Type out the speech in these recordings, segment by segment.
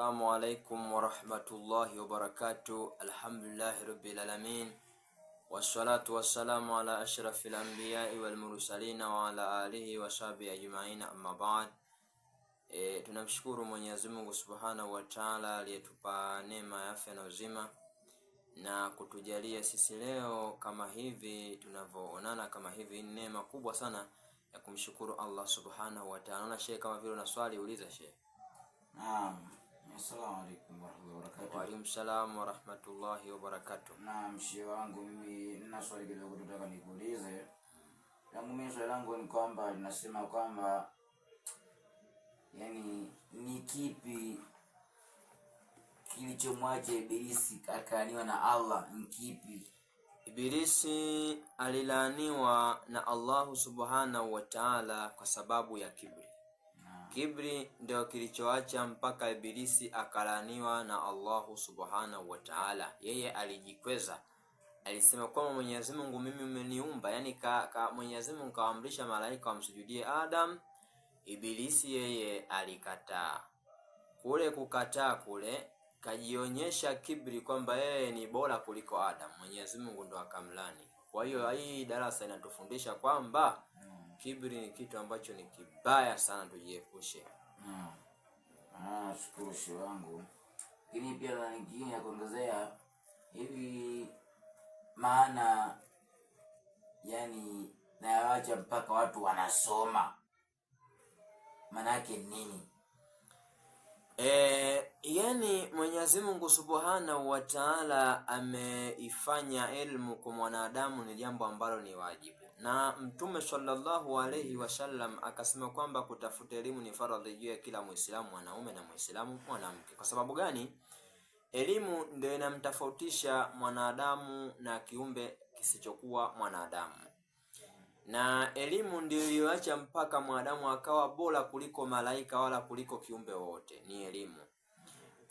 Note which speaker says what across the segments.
Speaker 1: Assalamu alaikum warahmatullahi wabarakatuh. Alhamdulillahi rabbil alamin wassalatu wassalamu ala ashrafil anbiyai wal mursalin wa ala alihi wa ajmain, amma ba'd. E, tunamshukuru Mwenyezi Mungu Subhanahu wa Ta'ala aliyetupa neema ya afya na uzima na kutujalia sisi leo kama hivi tunavyoonana kama hivi. Ni neema kubwa sana ya kumshukuru Allah Subhanahu wa Ta'ala. shehe, kama vile una swali uliza shehe.
Speaker 2: Naam. Assalamu
Speaker 1: warahmatullahi wabarakatuh.
Speaker 2: Wa salam Na mshie wangu mimi nina swali kidogo nataka nikuulize. Langu mimi swali langu ni kwamba ninasema kwamba yani ni kipi kilichomwacha Ibilisi akaaniwa na Allah ni kipi?
Speaker 1: Ibilisi alilaaniwa na Allahu subhanahu wa taala kwa sababu ya kiburi. Kibri ndio kilichoacha mpaka Ibilisi akalaaniwa na Allahu subhanahu wa taala. Yeye alijikweza, alisema kwamba Mwenyezi Mungu mimi umeniumba, yani ka, ka, Mwenyezi Mungu kawaamrisha malaika wamsujudie Adam. Ibilisi yeye alikataa. Kule kukataa kule kajionyesha kibri kwamba yeye ni bora kuliko Adam. Mwenyezi Mungu ndo akamlani. Kwa hiyo hii darasa inatufundisha kwamba mm. kibri ni kitu ambacho ni kibaya sana, tujiepushe
Speaker 2: mm. Ah, shukuru shi wangu, lakini pia na nyingine ya kuongezea hivi maana yani nayawacha mpaka watu wanasoma, maana yake nini?
Speaker 1: Lakini Mwenyezi Mungu Subhanahu wa Ta'ala ameifanya elimu kwa mwanadamu ni jambo ambalo ni wajibu, na Mtume sallallahu alayhi wasallam akasema kwamba kutafuta elimu ni faradhi juu ya kila Muislamu mwanaume na Muislamu mwanamke. Kwa sababu gani? Elimu ndio inamtofautisha mwanadamu na kiumbe kisichokuwa mwanadamu, na elimu ndio iliyoacha mpaka mwanadamu akawa bora kuliko malaika wala kuliko kiumbe wote, ni elimu.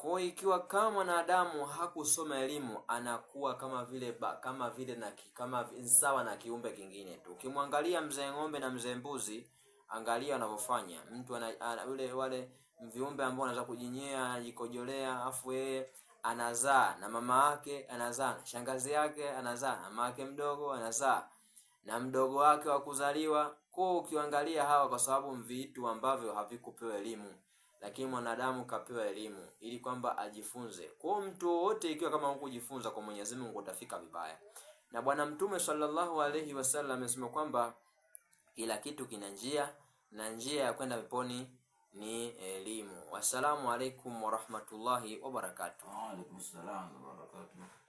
Speaker 1: Kwa hiyo ikiwa kama mwanadamu hakusoma elimu anakuwa kama vile ba, kama vile na kama sawa na kiumbe kingine tu. Ukimwangalia mzee ng'ombe na mzee mbuzi, angalia wanavyofanya. Mtu ana, ana ule wale viumbe ambao anaweza kujinyea, anajikojolea, afu yeye anazaa na mama yake anazaa na shangazi yake anazaa na mama yake mdogo anazaa na mdogo wake wa kuzaliwa. Kwa ukiangalia hawa, kwa sababu vitu ambavyo havikupewa elimu lakini mwanadamu kapewa elimu ili kwamba ajifunze. Kwa mtu wowote, ikiwa kama hukujifunza kwa Mwenyezi Mungu utafika vibaya. Na Bwana Mtume sallallahu alaihi wasallam amesema kwamba kila kitu kina njia na njia ya kwenda peponi ni elimu. Wassalamu alaikum warahmatullahi wabarakatuh.
Speaker 2: Wa wabarakatuh.